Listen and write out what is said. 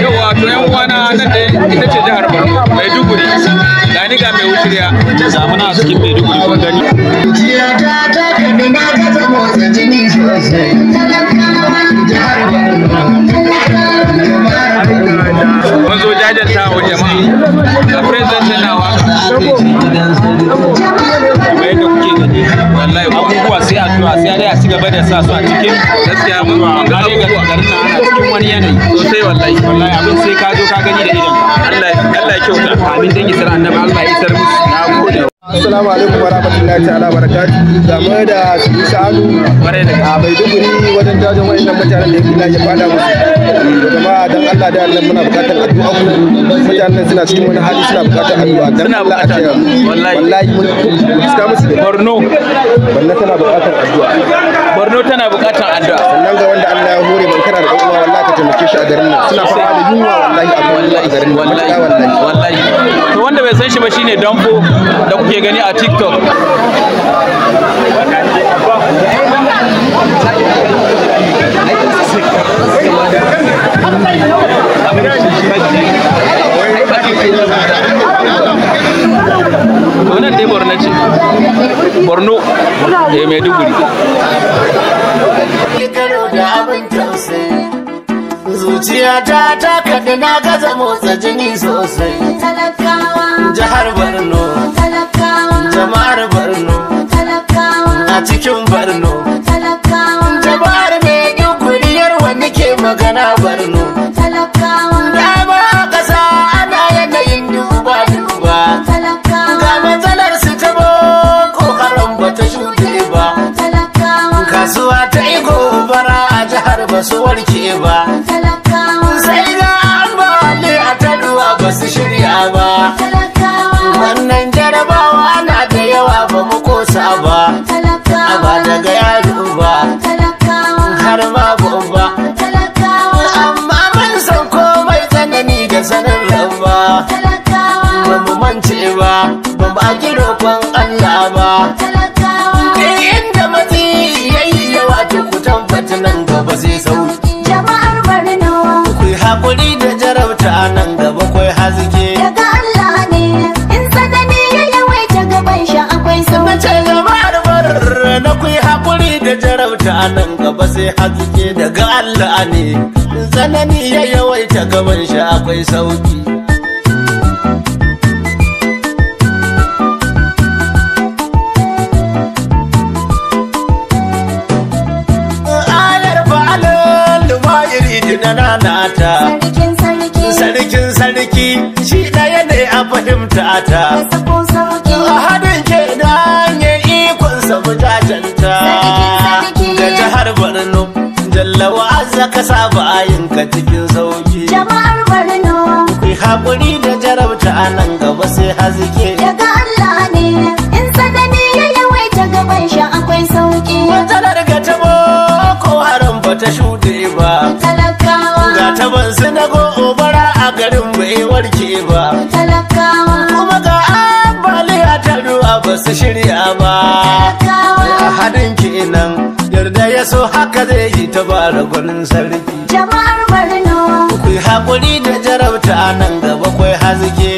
yawa to yan uwana nan da ita ce jihar Borno Maiduguri ni ga mai wuciriya da muna cikin Maiduguri kun gani mun zo jajanta wa jama'a da president nawa wallahi abubuwa sai addu'a sai dai a ci gaba da sa su a cikin gaskiya mun ga dai ga garin nan a cikin wani yanayi sosai wallahi wallahi abin sai ka zo ka gani da idon. Allah Allah ya kyauta amin dan isra annabi Allah ya isar musu assalamu alaikum wa rahmatullahi ta'ala barakatuhu game da su shanu a duburi wajen jajin wayannan mutanen da yake da ya fada musu Kuma dan Allah da Allah muna bukatar addu'a ku mutanen suna cikin wani hali suna bukatar addu'a dan Allah a tsaya wallahi wallahi mun fuska musu Borno Borno tana bukatar addu'a Borno tana bukatar addu'a sannan taimake shi a garin nan suna da yunwa wallahi a wallahi garin wallahi wallahi to wanda bai san shi ba shine danfo da kuke gani a TikTok wannan dai borno ce borno da eh, maiduguri zuciyata ta kaɗi na gaza motsa jini sosai talakawa jihar borno talakawa jama'ar borno talakawa a cikin borno talakawa jama'ar mai guriyar wani ke magana borno talakawa dama ƙasa ana yanayin duba duba ga matsalar su ta boko haram ba ta shuɗe ba kasuwa ta yi gobara a jihar ba su warke ba ki roƙon Allah ba talakawa yayi yawa to ku nan gaba jama'ar da nan gaba kai hazike daga Allah ne in ya yawaita gaban shi akwai jama'ar hakuri da jarauta nan gaba sai hazike daga Allah ne in sadani ya yawaita gaban shi akwai sauki shi na nanata sarkin sarki shi ɗaya ne a fahimta ta a haɗin ke da hanyar ikonsa mu jajanta da jihar Borno jallawa azza ka saba ka cikin sauki jama'ar Borno ku haƙuri da jarabta a nan gaba sai hazike daga Allah ne in sadani ya yawaita gaban shi akwai sauki wata daga ta ko haram ba ta shuɗe ba talaka ta ban sinago obara a garin bai warke ba kuma ga ambaliya ta ruwa ba su shirya ba hadin kenan yarda ya so haka zai yi ta bara gwanin sarki jama'ar borno ku yi haƙuri da jarabta nan gaba kwai haske